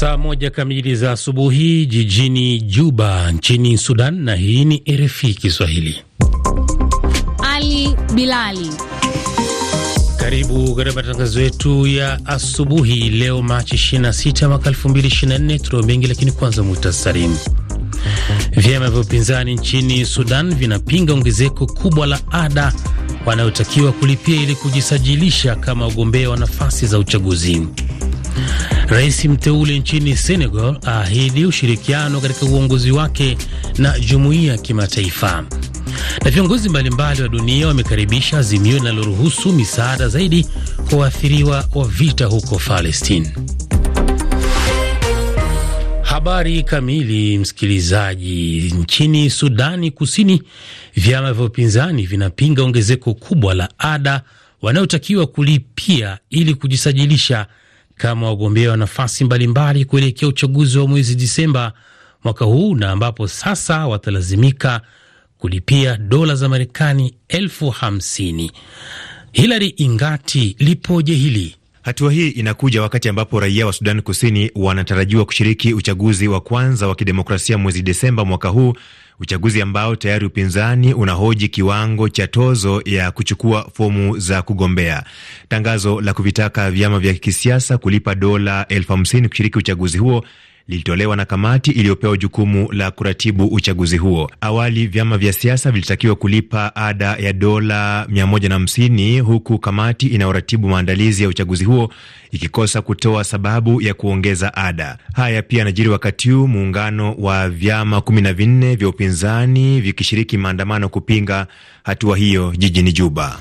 Saa moja kamili za asubuhi jijini Juba nchini Sudan, na hii ni RFI Kiswahili. Ali Bilali, karibu katika matangazo yetu ya asubuhi leo Machi 26 mwaka 2024. Tuna mengi lakini kwanza muhtasari. Vyama vya upinzani nchini Sudan vinapinga ongezeko kubwa la ada wanayotakiwa kulipia ili kujisajilisha kama wagombea wa nafasi za uchaguzi. Rais mteule nchini Senegal aahidi ushirikiano katika uongozi wake na jumuiya ya kimataifa. Na viongozi mbalimbali wa dunia wamekaribisha azimio linaloruhusu misaada zaidi kwa waathiriwa wa vita huko Palestine. Habari kamili, msikilizaji. Nchini Sudani Kusini, vyama vya upinzani vinapinga ongezeko kubwa la ada wanayotakiwa kulipia ili kujisajilisha kama wagombea wa nafasi mbalimbali kuelekea uchaguzi wa mwezi Disemba mwaka huu na ambapo sasa watalazimika kulipia dola za Marekani elfu hamsini. Hilary Ingati, lipoje hili? Hatua hii inakuja wakati ambapo raia wa Sudan Kusini wanatarajiwa kushiriki uchaguzi wa kwanza wa kidemokrasia mwezi Desemba mwaka huu, uchaguzi ambao tayari upinzani unahoji kiwango cha tozo ya kuchukua fomu za kugombea. Tangazo la kuvitaka vyama vya kisiasa kulipa dola elfu hamsini kushiriki uchaguzi huo lilitolewa na kamati iliyopewa jukumu la kuratibu uchaguzi huo. Awali vyama vya siasa vilitakiwa kulipa ada ya dola 150 huku kamati inayoratibu maandalizi ya uchaguzi huo ikikosa kutoa sababu ya kuongeza ada. Haya pia yanajiri wakati huu muungano wa vyama 14 vya upinzani vikishiriki maandamano kupinga hatua hiyo jijini Juba.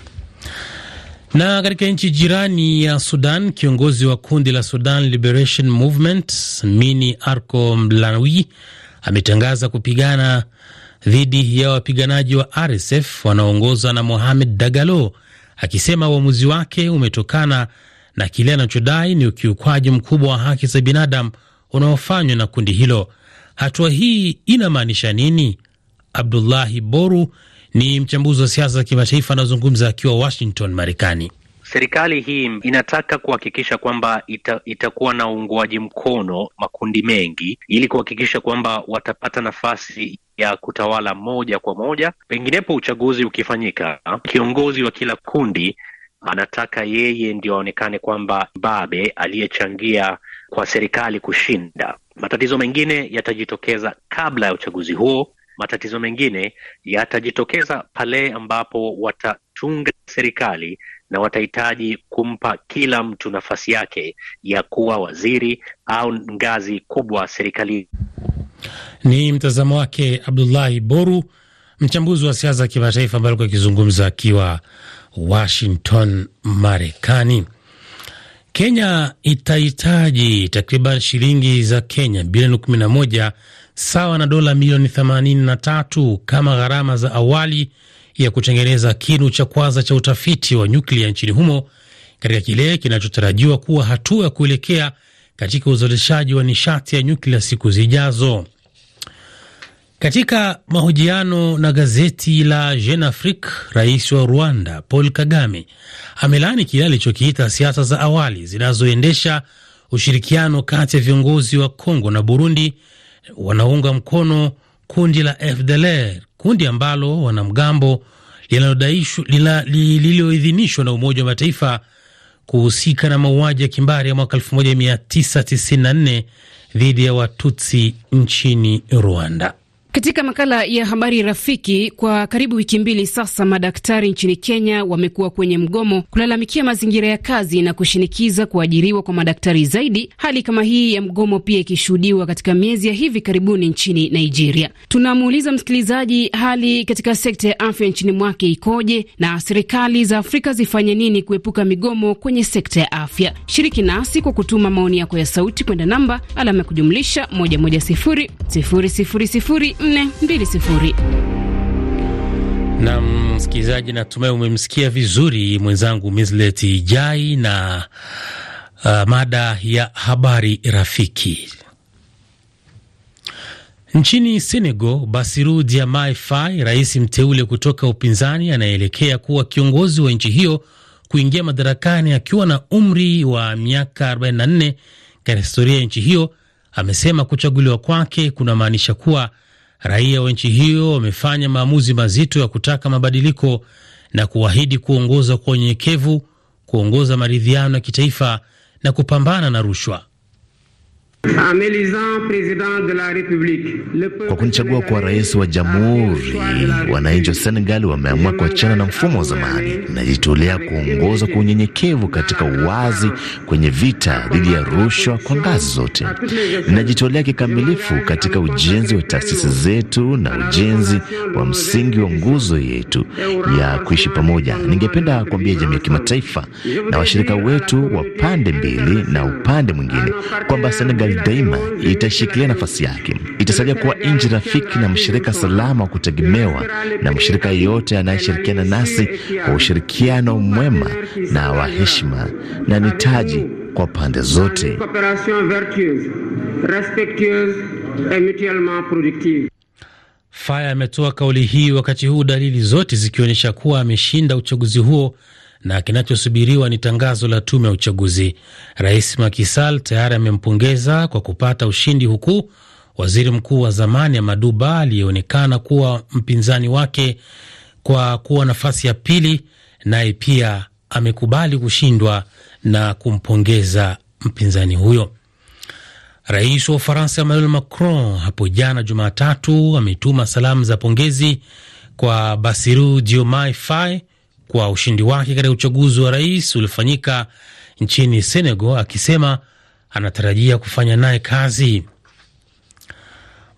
Na katika nchi jirani ya Sudan, kiongozi wa kundi la Sudan Liberation Movement Mini arco Mlanwi ametangaza kupigana dhidi ya wapiganaji wa RSF wanaoongozwa na Mohamed Dagalo, akisema uamuzi wake umetokana na kile anachodai ni ukiukwaji mkubwa wa haki za binadamu unaofanywa na kundi hilo. Hatua hii inamaanisha nini? Abdullahi Boru ni mchambuzi wa siasa za kimataifa anazungumza akiwa Washington, Marekani. Serikali hii inataka kuhakikisha kwamba ita, itakuwa na uunguaji mkono makundi mengi ili kuhakikisha kwamba watapata nafasi ya kutawala moja kwa moja. Penginepo uchaguzi ukifanyika, kiongozi wa kila kundi anataka yeye ndio aonekane kwamba mbabe aliyechangia kwa serikali kushinda. Matatizo mengine yatajitokeza kabla ya uchaguzi huo matatizo mengine yatajitokeza pale ambapo watatunga serikali na watahitaji kumpa kila mtu nafasi yake ya kuwa waziri au ngazi kubwa serikalini. Ni mtazamo wake Abdullahi Boru, mchambuzi wa siasa za kimataifa, ambaye alikuwa akizungumza akiwa Washington, Marekani. Kenya itahitaji takriban shilingi za Kenya bilioni kumi na moja sawa na dola milioni 83 kama gharama za awali ya kutengeneza kinu cha kwanza cha utafiti wa nyuklia nchini humo katika kile kinachotarajiwa kuwa hatua ya kuelekea katika uzalishaji wa nishati ya nyuklia siku zijazo. Katika mahojiano na gazeti la Jeune Afrique, rais wa Rwanda Paul Kagame amelaani kile alichokiita siasa za awali zinazoendesha ushirikiano kati ya viongozi wa Kongo na Burundi wanaunga mkono kundi la FDLR, kundi ambalo wanamgambo lililoidhinishwa na Umoja wa Mataifa kuhusika na mauaji ya kimbari ya mwaka 1994 dhidi ya Watutsi nchini Rwanda. Katika makala ya habari rafiki, kwa karibu wiki mbili sasa, madaktari nchini Kenya wamekuwa kwenye mgomo kulalamikia mazingira ya kazi na kushinikiza kuajiriwa kwa madaktari zaidi. Hali kama hii ya mgomo pia ikishuhudiwa katika miezi ya hivi karibuni nchini Nigeria. Tunamuuliza msikilizaji, hali katika sekta ya afya nchini mwake ikoje na serikali za Afrika zifanye nini kuepuka migomo kwenye sekta ya afya? Shiriki nasi kwa kutuma maoni yako ya sauti kwenda namba alama ya kujumlisha 1 na msikilizaji, natumai umemsikia vizuri mwenzangu Mislet Jai na uh, mada ya habari rafiki. Nchini Senegal, Basiru Diomaye Faye, rais mteule kutoka upinzani anaelekea kuwa kiongozi wa nchi hiyo, kuingia madarakani akiwa na umri wa miaka 44 katika historia ya nchi hiyo, amesema kuchaguliwa kwake kunamaanisha kuwa raia wa nchi hiyo wamefanya maamuzi mazito ya kutaka mabadiliko na kuahidi kuongoza kwa unyenyekevu, kuongoza maridhiano ya kitaifa na kupambana na rushwa. Kwa kunichagua kwa rais wa jamhuri, wananchi wa Senegali wameamua kuachana na mfumo wa zamani. Najitolea kuongoza kwa unyenyekevu katika uwazi kwenye vita dhidi ya rushwa kwa ngazi zote. Najitolea kikamilifu katika ujenzi wa taasisi zetu na ujenzi wa msingi wa nguzo yetu ya kuishi pamoja. Ningependa kuambia jamii ya kimataifa na washirika wetu wa pande mbili na upande mwingine kwamba Senegal daima itashikilia nafasi yake, itasaidia kuwa nchi rafiki na mshirika salama wa kutegemewa na mshirika yeyote anayeshirikiana nasi kwa ushirikiano mwema na wa heshima, na ni taji kwa pande zote. Faya ametoa kauli hii wakati huu dalili zote zikionyesha kuwa ameshinda uchaguzi huo na kinachosubiriwa ni tangazo la tume ya uchaguzi. Rais Makisal tayari amempongeza kwa kupata ushindi, huku waziri mkuu wa zamani Amaduba aliyeonekana kuwa mpinzani wake kwa kuwa nafasi ya pili, naye pia amekubali kushindwa na kumpongeza mpinzani huyo. Rais wa Ufaransa Emmanuel Macron hapo jana Jumatatu ametuma salamu za pongezi kwa Basiru Diomaye Faye kwa ushindi wake katika uchaguzi wa rais uliofanyika nchini Senegal, akisema anatarajia kufanya naye kazi.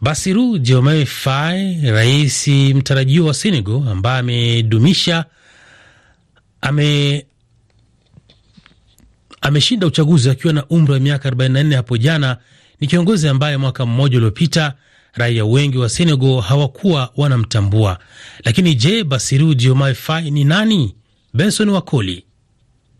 Basiru Diomaye Faye, rais mtarajiwa wa Senegal ambaye amedumisha ame ameshinda uchaguzi akiwa na umri wa miaka 44 hapo jana, ni kiongozi ambaye mwaka mmoja uliopita raia wengi wa Senegal hawakuwa wanamtambua. Lakini je, Basiru Diomaye Faye ni nani? Benson Wakoli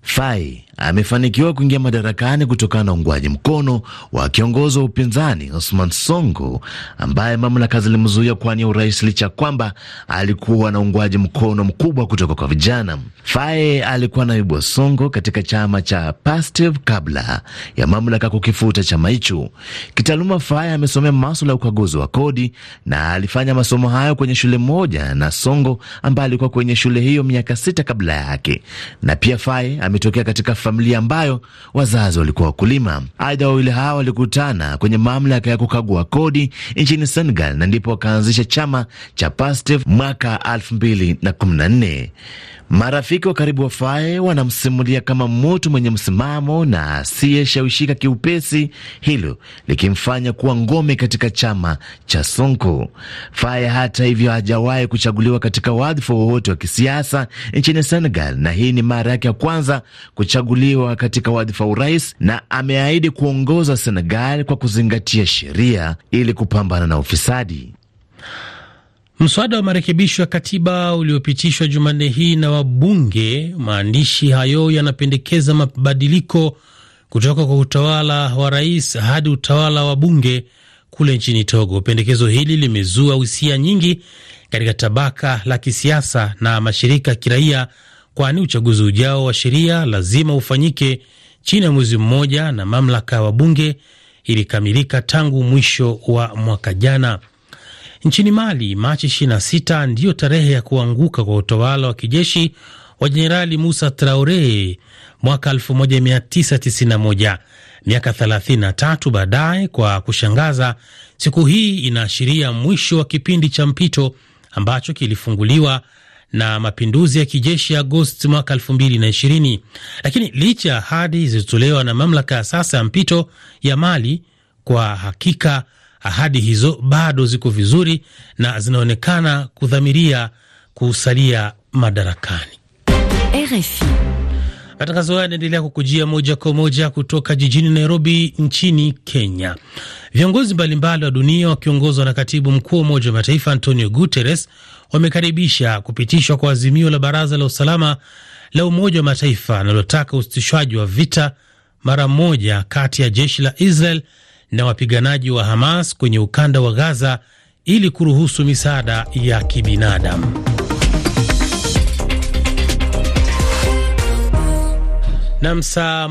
Faye amefanikiwa kuingia madarakani kutokana na uungwaji mkono wa kiongozi wa upinzani Osman Songo ambaye mamlaka zilimzuia kuwania urais licha kwamba alikuwa na uungwaji mkono mkubwa kutoka kwa vijana. Faye alikuwa naibu wa Songo katika chama cha PASTEV kabla ya mamlaka kukifuta chama hicho. Kitaaluma, Faye amesomea maswala ya ukaguzi wa kodi na alifanya masomo hayo kwenye shule moja na Songo ambaye alikuwa kwenye shule hiyo miaka sita kabla yake, na pia Faye ametokea katika familia ambayo wazazi walikuwa wakulima. Aidha, wawili hawa walikutana kwenye mamlaka ya kukagua kodi nchini Senegal na ndipo wakaanzisha chama cha Pastef mwaka 2014. Marafiki wa karibu wa Faye wanamsimulia kama mtu mwenye msimamo na asiyeshawishika kiupesi, hilo likimfanya kuwa ngome katika chama cha Sonko. Faye hata hivyo hajawahi kuchaguliwa katika wadhifa wowote wa kisiasa nchini Senegal, na hii ni mara yake ya kwanza kuchaguliwa kuchaguliwa katika wadhifa wa urais na ameahidi kuongoza Senegal kwa kuzingatia sheria ili kupambana na ufisadi. Mswada wa marekebisho ya katiba uliopitishwa Jumanne hii na wabunge, maandishi hayo yanapendekeza mabadiliko kutoka kwa utawala wa rais hadi utawala wa bunge kule nchini Togo. Pendekezo hili limezua hisia nyingi katika tabaka la kisiasa na mashirika ya kiraia kwani uchaguzi ujao wa sheria lazima ufanyike chini ya mwezi mmoja na mamlaka ya wabunge ilikamilika tangu mwisho wa mwaka jana. Nchini Mali, Machi 26 ndiyo tarehe ya kuanguka kwa utawala wa kijeshi wa Jenerali Musa Traore mwaka 1991. Miaka 33 baadaye, kwa kushangaza, siku hii inaashiria mwisho wa kipindi cha mpito ambacho kilifunguliwa na mapinduzi ya kijeshi ya Agosti mwaka ishirini, Lakini licha ya ahadi zilizotolewa na mamlaka ya sasa ya mpito ya Mali, kwa hakika ahadi hizo bado ziko vizuri na zinaonekana kudhamiria kusalia madarakani. RFI. Matangazo haya yanaendelea kukujia moja kwa moja kutoka jijini Nairobi nchini Kenya. Viongozi mbalimbali wa dunia wakiongozwa na katibu mkuu wa Umoja wa Mataifa Antonio Guterres wamekaribisha kupitishwa kwa azimio la Baraza la Usalama la Umoja wa Mataifa linalotaka usitishwaji wa vita mara moja kati ya jeshi la Israel na wapiganaji wa Hamas kwenye ukanda wa Gaza ili kuruhusu misaada ya kibinadamu. na msaa